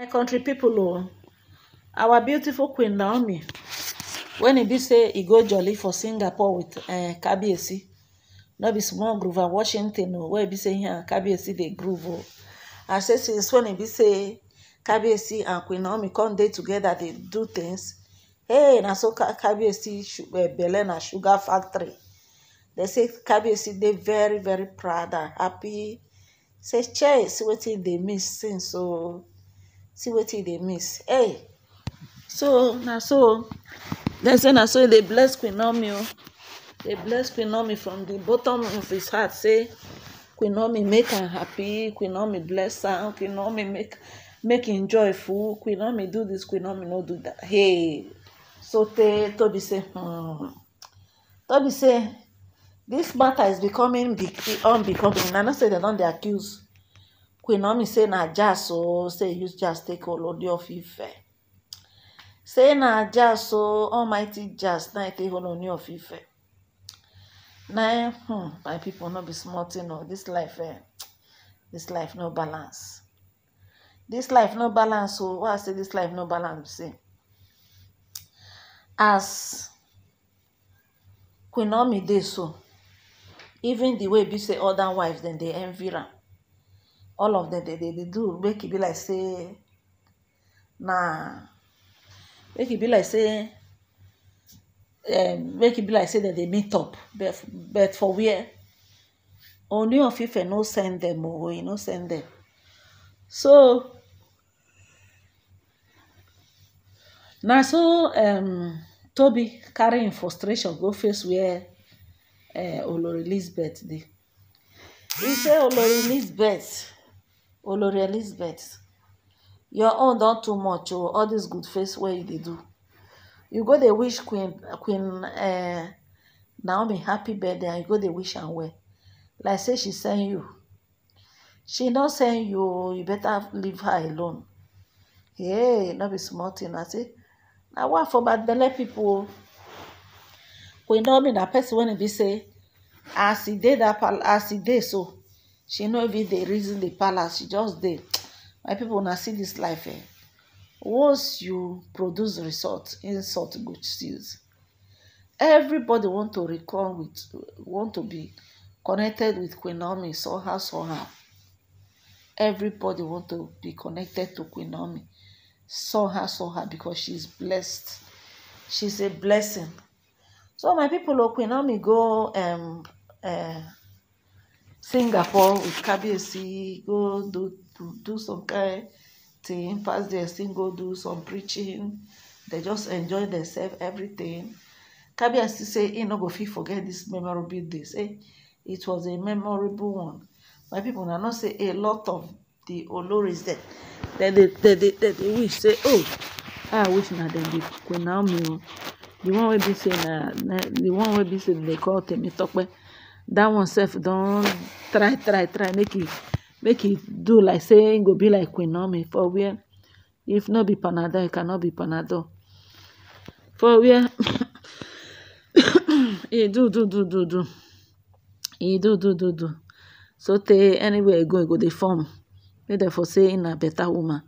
my country people, oh, our beautiful queen naomi When e be say e go jolly for singapore with eh, kabiesi no be small groove and washington o oh, wey e be say him and kabiesi dey groove oh. i say since when e be say kabiesi and queen naomi come dey together, dey do tins hey na so kabiesi eh, belle na sugar factory dem say kabiesi dey very very proud and happy say cheers wetin e dey miss since o oh see wetin e dey miss hey so na so dem say na so e dey bless queen naomi o dey bless queen naomi from the bottom of his heart say queen naomi make am happy queen naomi bless am queen naomi make make him joy full queen naomi do this queen naomi no do that hey So sotey tobi say hmm tobi say this matter is becoming unbecoming na no say dem don dey accuse queen naomi say na jazz o say use jazz take hold odi of ife say na jazz o almighty jazz na e take hold odi of ife na e, hmm, my people no be small thing o this life eh this life no balance this life no balance o why i say this life no balance be say as queen naomi dey so even the way be say other wives dem dey envy am all of them they, dey dey do make e be like say na make e be like say um, make e be like say dem dey meet up but, but for where Ooni of Ife no send dem oo e no send dem so na so um, Toby carry im frustration go face where uh, eh, Olori Elizabeth dey. He say Olori Elizabeth olori elizabeth your own don too much Oh, all dis good face where you dey do you go dey wish queen queen eh, naomi happy birthday and you go dey wish am well like say she send you she no send you oh, you better leave her alone hey no be small tin i say na one for bad belle people? o oh. queen naomi that person wey e be say as e dey e so she no even the reason the palace she just dey my people now see this life eh once you produce result insult Good cease everybody want to recall with want to be connected with Queen Naomi somehow somehow everybody want to be connected to Queen Naomi somehow somehow because she's blessed she's a blessing so my people oh Queen Naomi go um, uh, Singapore with Kabiyesi go do, do, do some kind thing, pass there, still go do some preaching. They just enjoy themselves, everything. Kabiyesi say he no go fit forget this memorable day. Say eh, it was a memorable one. My people na know say a lot of the Oloris dem dem dey dem dey dey wish say oh I wish na dem be Queen Naomi o. The one wey be say na na the one wey be say dem dey call Temitope. That one sef don try try try make e make e do like say e go be like queen naomi for where if no be panadol e cannot be panadol for where e do do do do do e do do do do so tey anywhere e go e go dey form make dem for say e na better woman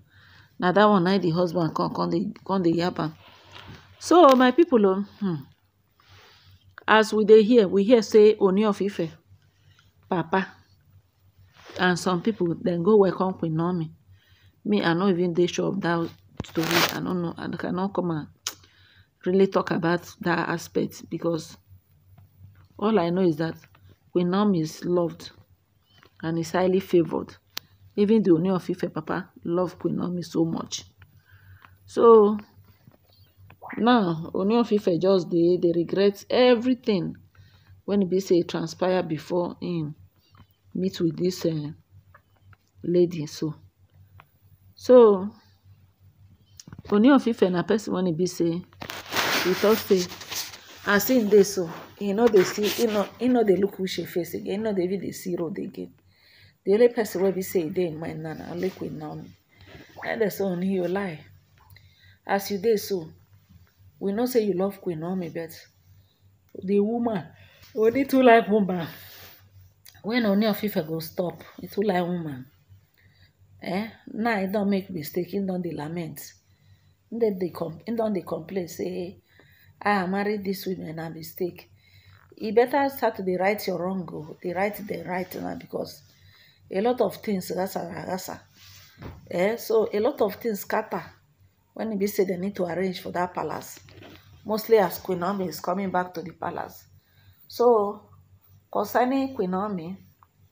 na that one na e the husband come come dey come dey yab am so my people o. Oh, hmm, as we dey hear we hear say oni of papa and some people dem go welcome queen naomi me i no even dey sure of that story i no know i cannot come and really talk about that aspect because all i know is that queen naomi is loved and is highly favored even the oni of papa love queen naomi so much so now onion fife just dey dey regret everything when e be say e transpire before him meet with this um lady so. So Ooni of Ife na person wen e be say we talk say as im dey so he no dey see e no e no dey look Uche face again he no dey even dey see road again. The only person wey be say e dey im mind now na Aliko Naomi. Na im dey say lie as you dey so we know say you love queen naomi but the woman only oh, two life woman when Ooni of Ife go stop e two life woman eh now e don make mistake He don dey lament e don dey e don complain say ah marry this woman. na mistake e better start to dey right your wrong o oh, dey right the right now because a lot of things rasa rasa eh so a lot of things scatter when e be say dem need to arrange for that palace mostly as Queen Naomi is coming back to the palace. So, concerning Queen Naomi,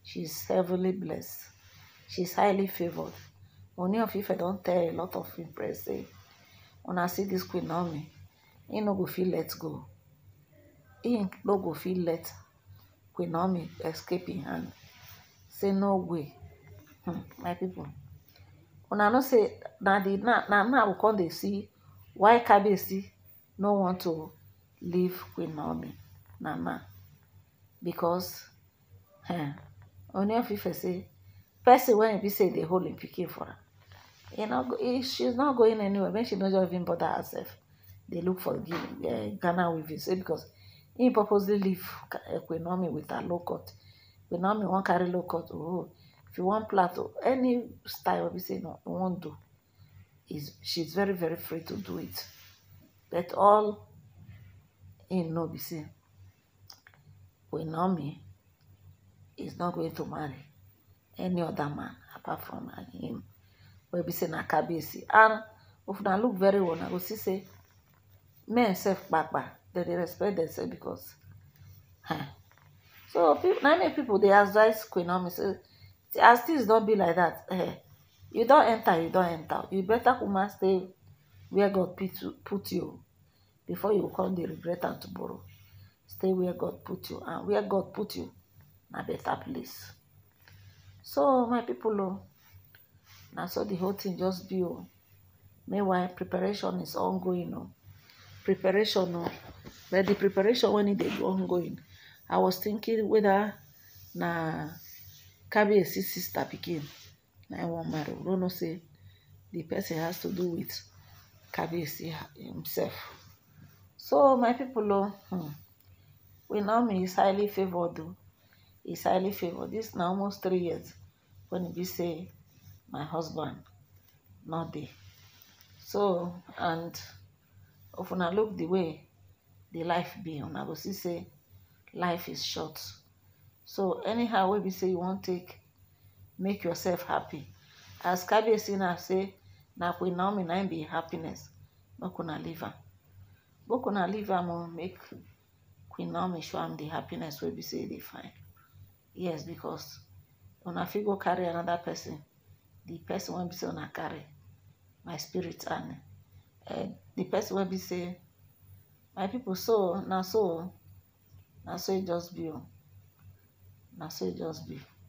she is heavily blessed. She is highly favored. Only of I don't tell a lot of people eh? say, I see this Queen Naomi, he no go feel let go. He no go feel let Queen Naomi escape im hand. Say no way. Hmm, my people. When I know say na the na na now we come dey see why see? no want to leave Queen Naomi Nana because eh, Ooni of Ife say person wey be say dey hold picking for her, e no e, she's not going anywhere When she no even bother herself they look for uh, Ghana you say because he purposely leave Queen eh, Naomi with her low cut Queen Naomi won't carry low cut oh if you want plateau oh, any style we say no won't do is she's very very free to do it. But all him eh, know be say Naomi is not going to marry any other man apart from him wey be say na kabiyesi and if una look very well una go see say men sef kpakpa dem dey respect themselves because huh. so people na many people dey advise Queen Naomi say as things don be like that eh, you don enter you don enter you better kuma stay where God put you before you come dey regret am tomorrow. Stay where God put you. And where God put you na better place. So my people o, oh, na so the whole thing just be o. Oh. Meanwhile, preparation is ongoing o. Oh. Preparation o. But the preparation when e dey ongoing, I was thinking whether na Kabiyesi sister pikin na I wan marry. We no know say the person has to do with Kabiyesi himself. So my people, oh, hmm, we now me is highly favored. Though. He's highly favored. This now almost three years when we say my husband not there. So and if I look the way the life be, on I will see say life is short. So anyhow wey be say you wan take make yourself happy. As Kabiyesi now say na naomi na im be happiness make una leave am make una leave am o oh, make queen naomi show am di happiness wey be say e dey find yes because una fit go carry another person the person wey be say una carry my spirit and eh, The person wey be say my people so na so na so e just be o oh. na so e just be